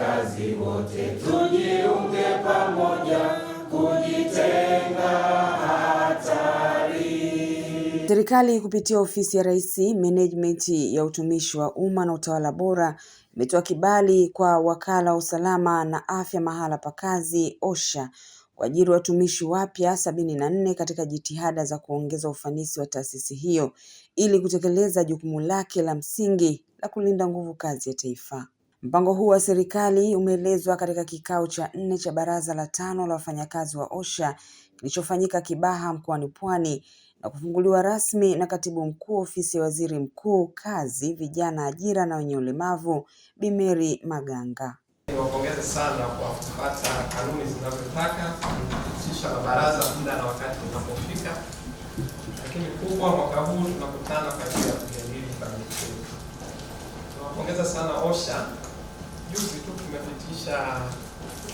kazi wote tujiunge pamoja kujitenga hatari. Serikali kupitia ofisi ya Rais Management ya utumishi wa umma na utawala bora imetoa kibali kwa wakala wa usalama na afya mahala pa kazi OSHA kuajiri watumishi wapya sabini na nne katika jitihada za kuongeza ufanisi wa taasisi hiyo ili kutekeleza jukumu lake la msingi la kulinda nguvu kazi ya taifa. Mpango huu wa serikali umeelezwa katika kikao cha nne cha baraza la tano la wafanyakazi wa OSHA kilichofanyika Kibaha mkoani Pwani na kufunguliwa rasmi na Katibu Mkuu Ofisi ya Waziri Mkuu, Kazi, Vijana, Ajira na Wenye Ulemavu, Bi Mary Maganga. Niwapongeze sana kwa kupata kanuni zinazotaka kupitisha na baraza muda na wakati unapofika, lakini kubwa mwaka huu tunakutana kwa ajili ya kujadili. sana OSHA Juzi tu tumepitisha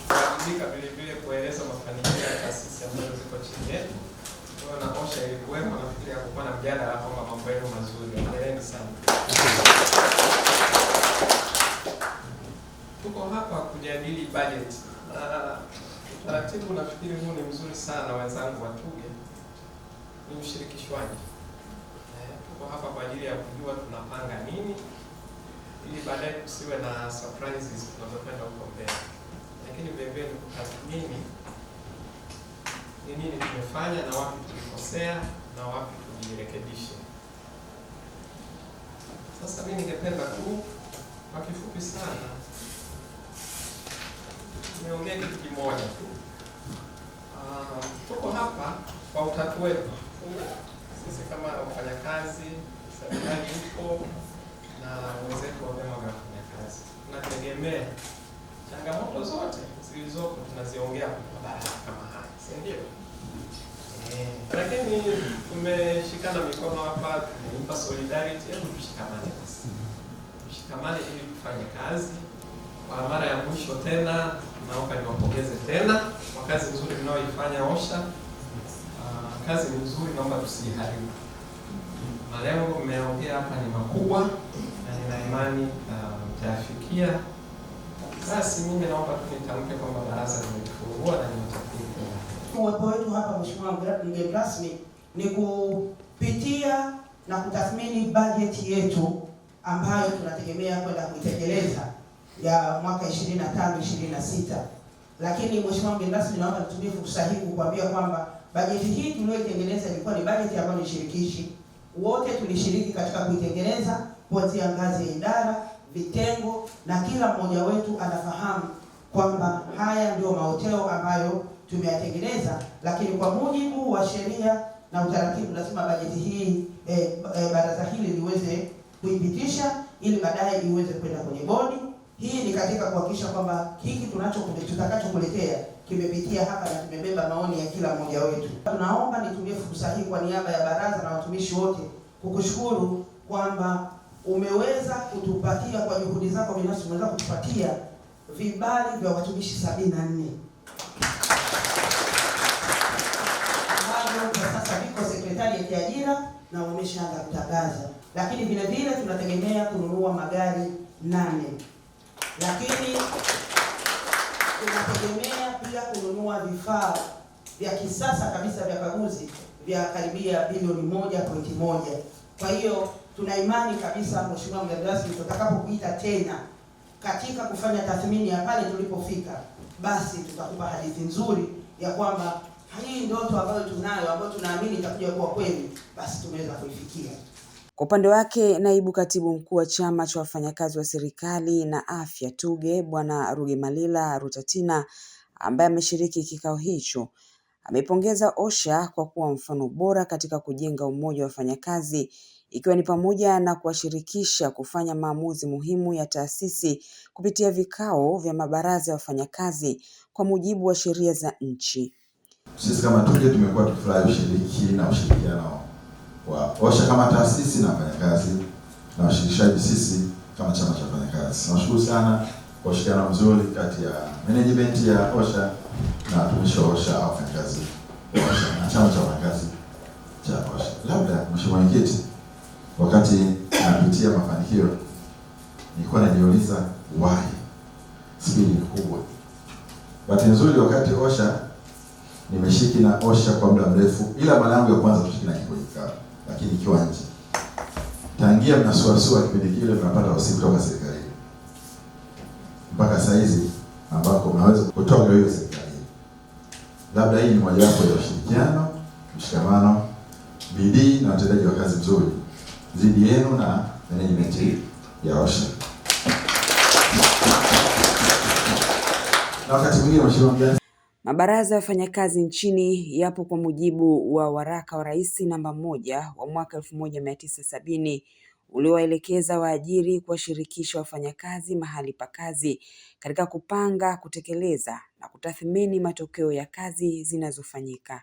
kuwajibika vile vile kueleza mafanikio ya taasisi ambazo ziko chini yetu. Na OSHA ilikuwepo, nafikiri hakukuwa na mjadala kwamba mambo yenu mazuri, endeleni sana. Tuko hapa kujadili budget utaratibu, nafikiri huu ni mzuri sana, wenzangu watuge, ni ushirikishwaji. Eh, tuko hapa kwa ajili ya kujua tunapanga nini ili baadaye kusiwe na surprises tunazokwenda huko mbele. Lakini vilevile ni kutathmini ni nini tumefanya na wapi tulikosea na wapi tujirekebishe. Sasa mimi ningependa tu kwa kifupi sana nimeongea kitu kimoja tu. Ah, tuko hapa kwa utatu wetu sisi kama wafanyakazi, serikali huko na wenzetu wa vyama vya wafanyakazi. Tunategemea changamoto zote zilizopo tunaziongea kwa mabaraza kama haya, si ndio? Eh, lakini tumeshikana mikono hapa, tumeipa solidarity. Hebu tushikamane basi, tushikamane ili tufanye kazi kwa mara ya mwisho tena. Naomba niwapongeze tena kwa kazi nzuri mnayoifanya OSHA. Uh, kazi nzuri, naomba tusiharibu. Malengo mmeongea hapa ni makubwa imani uh, mtayafikia. Basi mimi naomba tu nitamke kwamba baraza limefungua na nimetafuta uwepo wetu hapa, Mheshimiwa mgeni rasmi, ni kupitia na kutathmini bajeti yetu ambayo tunategemea kwenda kuitekeleza ya mwaka 25 26, lakini Mheshimiwa mgeni rasmi, naomba nitumie fursa hii kukuambia kwamba bajeti hii tuliyoitengeneza ilikuwa ni bajeti ambayo ni shirikishi wote tulishiriki katika kuitengeneza kuanzia ngazi ya idara, vitengo, na kila mmoja wetu anafahamu kwamba haya ndio maoteo ambayo tumeyatengeneza, lakini kwa mujibu wa sheria na utaratibu lazima bajeti hii e, e, baraza hili liweze kuipitisha ili baadaye iweze kwenda kwenye bodi hii ni katika kuhakikisha kwamba hiki tunacho tutakachokuletea kimepitia hapa na kimebeba maoni ya kila mmoja wetu. Tunaomba nitumie fursa hii kwa niaba ya baraza na watumishi wote kukushukuru kwamba umeweza kutupatia kwa juhudi zako binafsi, umeweza kutupatia vibali vya watumishi sabini na nne ambavyo kwa sasa viko sekretarieti ya ajira na wameshaanza kutangaza, lakini vile vile tunategemea kununua magari nane lakini tunategemea pia kununua vifaa vya kisasa kabisa vya kaguzi vya karibia bilioni moja pointi moja. Kwa hiyo tuna imani kabisa, Mheshimiwa mgeni rasmi, tutakapokuita tena katika kufanya tathmini ya pale tulipofika, basi tutakupa hadithi nzuri ya kwamba hii ndoto ambayo tunayo ambayo tunaamini itakuja kuwa kweli, basi tumeweza kuifikia. Kwa upande wake naibu katibu mkuu wa chama cha wafanyakazi wa serikali na afya TUGHE Bwana malila Rutatina ambaye ameshiriki kikao hicho amepongeza OSHA kwa kuwa mfano bora katika kujenga umoja wa wafanyakazi ikiwa ni pamoja na kuwashirikisha kufanya maamuzi muhimu ya taasisi kupitia vikao vya mabaraza ya wafanyakazi kwa mujibu wa sheria za nchi. Sisi kama TUGHE tumekuwa tukifurahi ushiriki na ushirikiano wa OSHA kama taasisi na wafanyakazi na washirikishaji sisi kama chama cha wafanyakazi. Nashukuru sana kwa ushirikiano mzuri kati ya management ya OSHA na watumishi wa OSHA au wafanyakazi OSHA na chama cha wafanyakazi cha OSHA. Labda mheshimiwa mwenyekiti, wakati napitia mafanikio nilikuwa najiuliza why spidi ni kubwa. Bahati nzuri wakati OSHA nimeshiki na OSHA kwa muda mrefu, ila mara yangu ya kwanza kushiki na kikundi kikao lakini ikiwa nje. Tangia mnasuasua kipindi kile mnapata wasifu kutoka serikalini mpaka saa hizi ambako mnaweza kutoka hiyo serikalini, labda hii ni mojawapo ya ushirikiano, mshikamano, bidii na utendaji wa kazi mzuri dhidi yenu na management ya OSHA. Na wakati mwingine mheshimiwa Mabaraza ya wafanyakazi nchini yapo kwa mujibu wa waraka wa Rais namba moja wa mwaka elfu moja mia tisa sabini uliowaelekeza waajiri kuwashirikisha wafanyakazi mahali pa kazi katika kupanga, kutekeleza na kutathmini matokeo ya kazi zinazofanyika.